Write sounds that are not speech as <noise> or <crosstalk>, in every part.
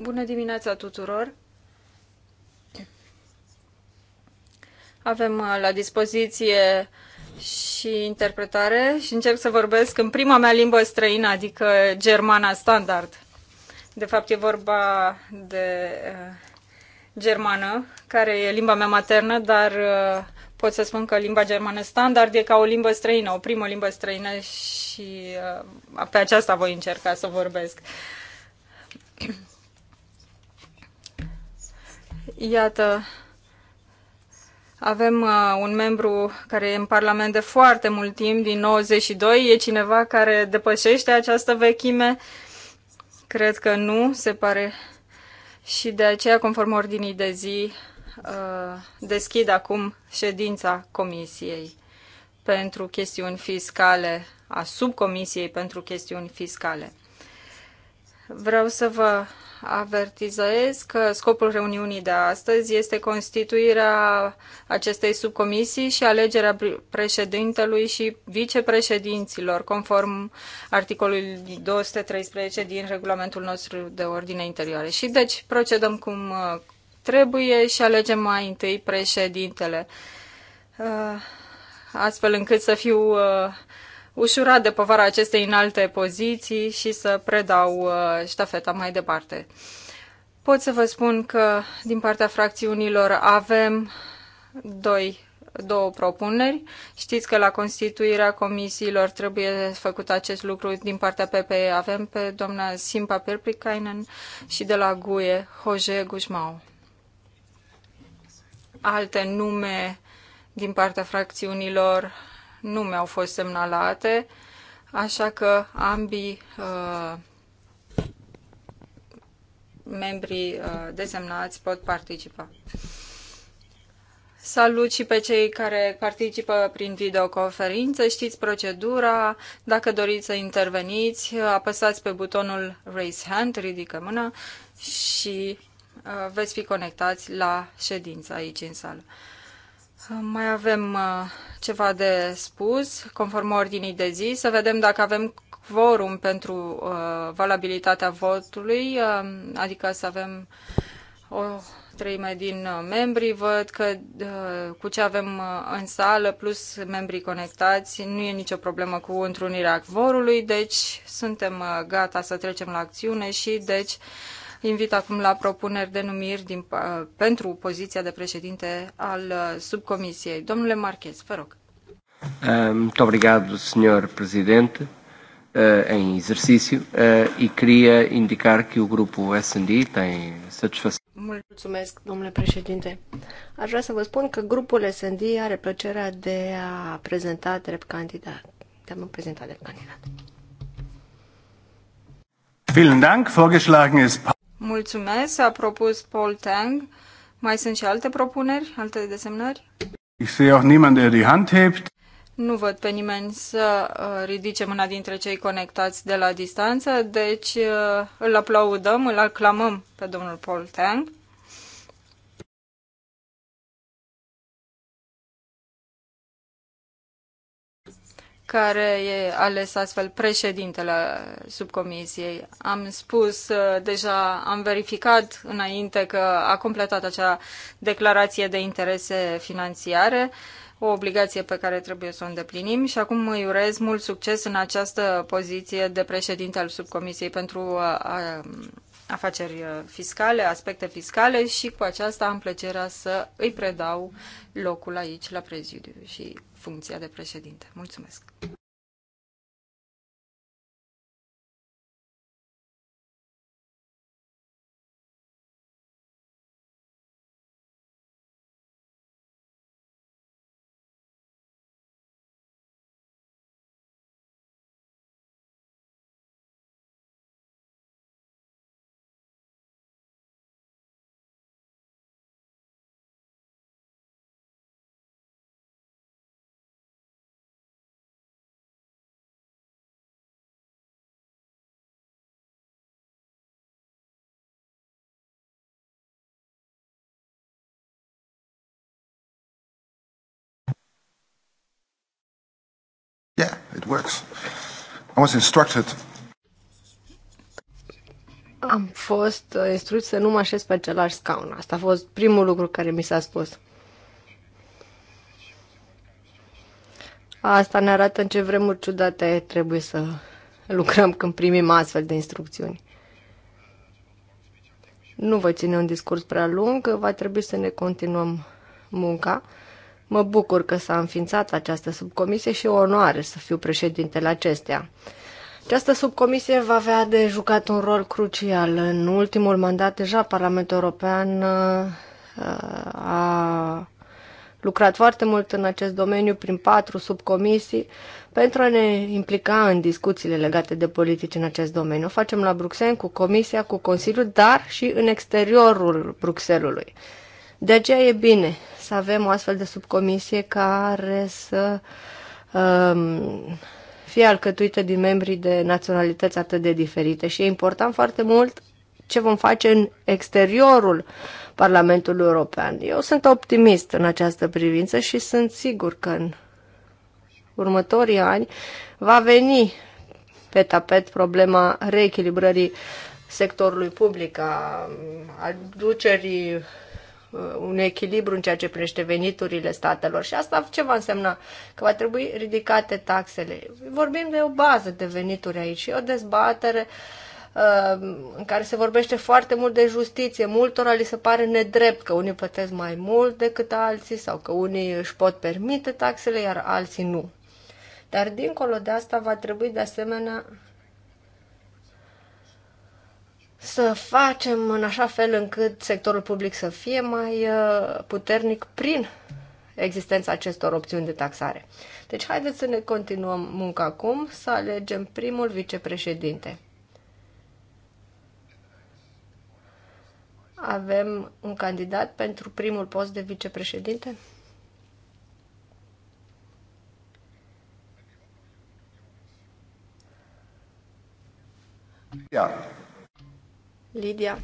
Bună dimineața tuturor! Avem uh, la dispoziție și interpretare și încerc să vorbesc în prima mea limbă străină, adică germana standard. De fapt, e vorba de uh, germană, care e limba mea maternă, dar uh, pot să spun că limba germană standard e ca o limbă străină, o primă limbă străină și pe aceasta voi încerca să vorbesc. Iată, avem uh, un membru care e în Parlament de foarte mult timp, din 92. E cineva care depășește această vechime? Cred că nu, se pare. Și de aceea, conform ordinii de zi, uh, deschid acum ședința Comisiei pentru chestiuni fiscale, a subcomisiei pentru chestiuni fiscale. Vreau să vă avertizez că scopul reuniunii de astăzi este constituirea acestei subcomisii și alegerea președintelui și vicepreședinților, conform articolului 213 din regulamentul nostru de ordine interioare. Și deci procedăm cum uh, trebuie și alegem mai întâi președintele, uh, astfel încât să fiu uh, ușurat de povara acestei înalte poziții și să predau uh, ștafeta mai departe. Pot să vă spun că din partea fracțiunilor avem doi două propuneri. Știți că la constituirea comisiilor trebuie făcut acest lucru din partea PPE. Avem pe doamna Simpa Perplicainen și de la GUE, Hoje Guzmau. Alte nume din partea fracțiunilor nu mi au fost semnalate, așa că ambii uh, membrii uh, desemnați pot participa. Salut și pe cei care participă prin videoconferință. Știți procedura. Dacă doriți să interveniți, apăsați pe butonul Raise Hand, ridică mâna și uh, veți fi conectați la ședință aici în sală. Mai avem uh, ceva de spus, conform ordinii de zi, să vedem dacă avem quorum pentru uh, valabilitatea votului, uh, adică să avem o treime din uh, membri. Văd că uh, cu ce avem uh, în sală, plus membrii conectați, nu e nicio problemă cu întrunirea quorului, deci suntem uh, gata să trecem la acțiune și deci uh, invit acum la propuneri de numiri din, uh, pentru poziția de președinte al uh, subcomisiei. Domnule Marchez, vă rog. Eh, muito obrigado, Presidente, eh, em exercício, eh, e queria indicar que o grupo S&D tem satisfação. Mulțumesc, domnule președinte. Aș vrea să vă spun că grupul S&D are plăcerea de a prezenta drept candidat. De a mă prezenta drept candidat. Vielen Dank, vorgeschlagen ist... Mulțumesc, s-a propus Paul Tang. Mai sunt și alte propuneri, alte desemnări? Ich sehe auch niemand, der die Hand hebt. Nu văd pe nimeni să uh, ridice mâna dintre cei conectați de la distanță, deci uh, îl aplaudăm, îl aclamăm pe domnul Paul Tang. care e ales astfel președintele subcomisiei. Am spus uh, deja, am verificat înainte că a completat acea declarație de interese financiare, o obligație pe care trebuie să o îndeplinim și acum îi urez mult succes în această poziție de președinte al subcomisiei pentru uh, afaceri uh, fiscale, aspecte fiscale și cu aceasta am plăcerea să îi predau locul aici la prezidiu și funcția de președinte. Mulțumesc! Yeah, it works. I was instructed. Am fost uh, instruit să nu mă așez pe același scaun. Asta a fost primul lucru care mi s-a spus. Asta ne arată în ce vremuri ciudate trebuie să lucrăm când primim astfel de instrucțiuni. Nu voi ține un discurs prea lung, va trebui să ne continuăm munca. Mă bucur că s-a înființat această subcomisie și o onoare să fiu președintele acestea. Această subcomisie va avea de jucat un rol crucial. În ultimul mandat deja Parlamentul European uh, uh, a lucrat foarte mult în acest domeniu prin patru subcomisii pentru a ne implica în discuțiile legate de politici în acest domeniu. O facem la Bruxelles cu Comisia, cu Consiliul, dar și în exteriorul Bruxelului. De aceea e bine să avem o astfel de subcomisie care să um, fie alcătuită din membrii de naționalități atât de diferite și e important foarte mult ce vom face în exteriorul Parlamentului European. Eu sunt optimist în această privință și sunt sigur că în următorii ani va veni pe tapet problema reechilibrării sectorului public, a aducerii Uh, un echilibru în ceea ce privește veniturile statelor. Și asta ce va însemna? Că va trebui ridicate taxele. Vorbim de o bază de venituri aici și o dezbatere uh, în care se vorbește foarte mult de justiție. Multora li se pare nedrept că unii plătesc mai mult decât alții sau că unii își pot permite taxele, iar alții nu. Dar dincolo de asta va trebui de asemenea să facem în așa fel încât sectorul public să fie mai uh, puternic prin existența acestor opțiuni de taxare. Deci haideți să ne continuăm munca acum, să alegem primul vicepreședinte. Avem un candidat pentru primul post de vicepreședinte? Yeah. Lidia.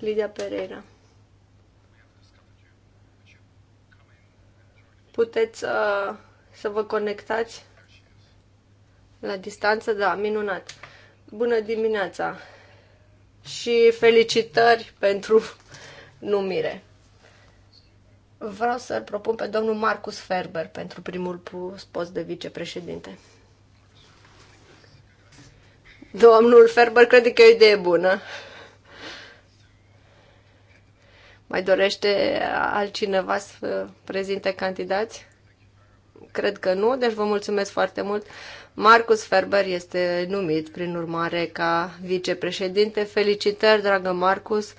Lidia Pereira. Puteți uh, să vă conectați la distanță? Da, minunat. Bună dimineața și felicitări pentru numire. Vreau să-l propun pe domnul Marcus Ferber pentru primul post de vicepreședinte. Domnul Ferber crede că e o idee bună. Mai dorește altcineva să prezinte candidați? Cred că nu, deci vă mulțumesc foarte mult. Marcus Ferber este numit, prin urmare, ca vicepreședinte. Felicitări, dragă Marcus!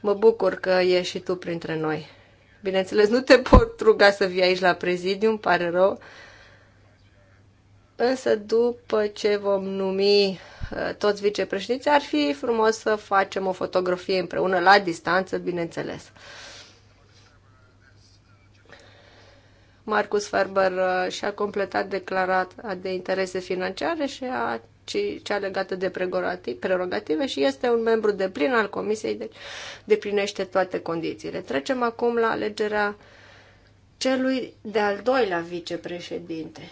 Mă bucur că ești și tu printre noi. Bineînțeles, nu te pot ruga să vii aici la prezidiu, îmi pare rău. Însă după ce vom numi Eh, toți vicepreședinții, ar fi frumos să facem o fotografie împreună, la distanță, bineînțeles. Marcus Ferber eh, și-a completat declarația de interese financiare și a cea legată de prerogative și este un membru de plin al comisiei, deci deplinește toate condițiile. Trecem acum la alegerea celui de-al doilea vicepreședinte.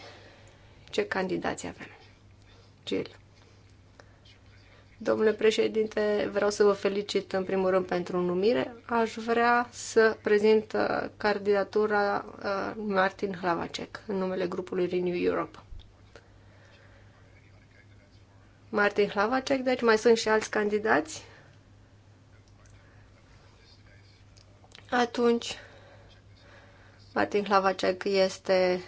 Ce candidați avem? Gil. Domnule președinte, vreau să vă felicit în primul rând pentru numire. Aș vrea să prezint uh, candidatura uh, Martin Hlavacek în numele grupului Renew Europe. Martin Hlavacek, deci mai sunt și alți candidați? Atunci, Martin Hlavacek este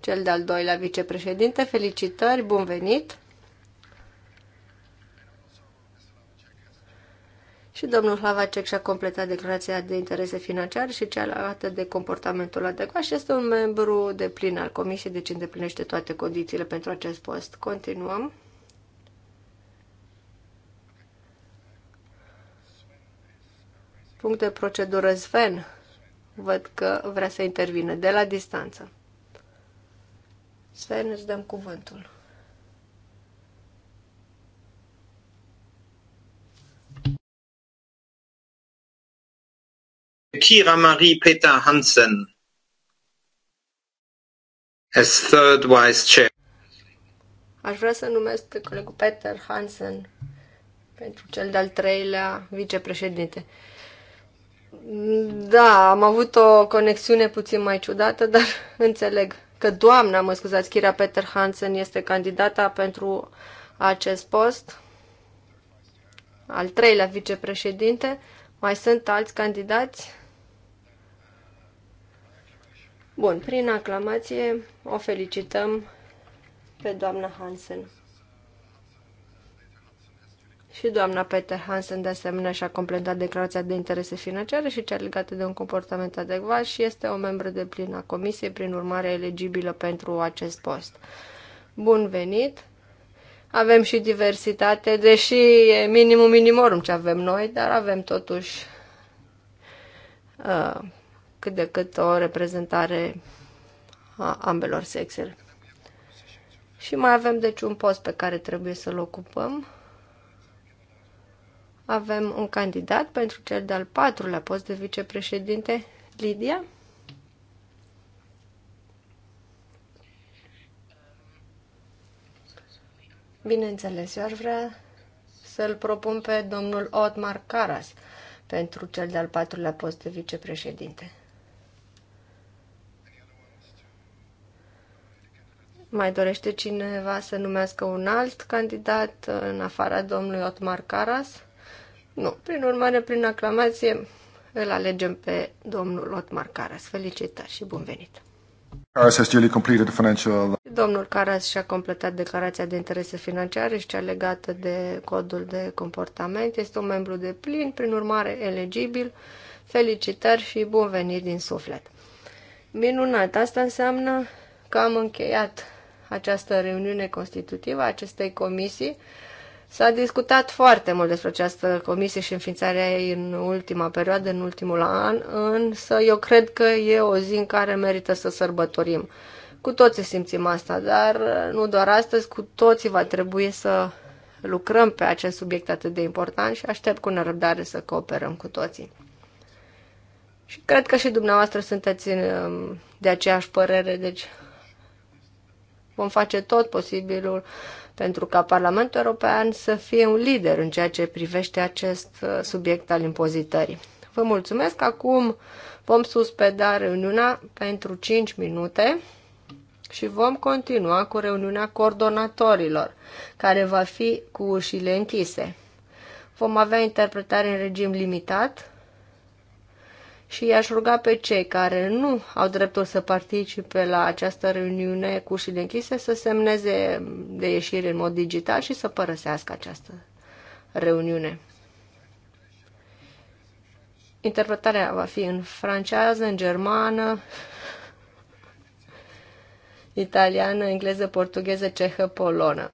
cel de-al doilea vicepreședinte. Felicitări, bun venit! și domnul Hlavacek și-a completat declarația de interese financiare și cealaltă de comportamentul adecvat și este un membru de plin al comisiei, deci îndeplinește toate condițiile pentru acest post. Continuăm. Punct de procedură Sven. Văd că vrea să intervine de la distanță. Sven, îți dăm cuvântul. Kira Marie Peter Hansen as third vice chair. Aș vrea să numesc pe colegul Peter Hansen pentru cel de-al treilea vicepreședinte. Da, am avut o conexiune puțin mai ciudată, dar <laughs> înțeleg că doamna, mă scuzați, Kira Peter Hansen este candidata pentru acest post, al treilea vicepreședinte. Mai sunt alți candidați? Bun, prin aclamație o felicităm pe doamna Hansen. Și doamna Peter Hansen de asemenea și-a completat declarația de interese financiare și cea legată de un comportament adecvat și este o membră de plin a comisiei, prin urmare elegibilă pentru acest post. Bun venit! Avem și diversitate, deși e minimum minimorum ce avem noi, dar avem totuși uh, cât de cât o reprezentare a ambelor sexe. Și mai avem deci un post pe care trebuie să-l ocupăm. Avem un candidat pentru cel de-al patrulea post de vicepreședinte, Lidia. Bineînțeles, eu aș vrea să-l propun pe domnul Otmar Caras pentru cel de-al patrulea post de vicepreședinte. Mai dorește cineva să numească un alt candidat în afara domnului Otmar Caras? Nu. Prin urmare, prin aclamație, îl alegem pe domnul Otmar Caras. Felicitări și bun venit! Caras has duly completed the financial... Domnul Caras și-a completat declarația de interese financiare și cea legată de codul de comportament. Este un membru de plin, prin urmare elegibil. Felicitări și bun venit din suflet! Minunat! Asta înseamnă că am încheiat această reuniune constitutivă a acestei comisii. S-a discutat foarte mult despre această comisie și înființarea ei în ultima perioadă, în ultimul an, însă eu cred că e o zi în care merită să sărbătorim. Cu toții simțim asta, dar nu doar astăzi, cu toții va trebui să lucrăm pe acest subiect atât de important și aștept cu nerăbdare să cooperăm cu toții. Și cred că și dumneavoastră sunteți um, de aceeași părere, deci Vom face tot posibilul pentru ca Parlamentul European să fie un lider în ceea ce privește acest uh, subiect al impozitării. Vă mulțumesc. Acum vom suspeda reuniunea pentru 5 minute și vom continua cu reuniunea coordonatorilor, care va fi cu ușile închise. Vom avea interpretare în regim limitat și i-aș ruga pe cei care nu au dreptul să participe la această reuniune cu ușile închise să semneze de ieșire în mod digital și să părăsească această reuniune. Interpretarea va fi în franceză, în germană, italiană, engleză, portugheză, cehă, polonă.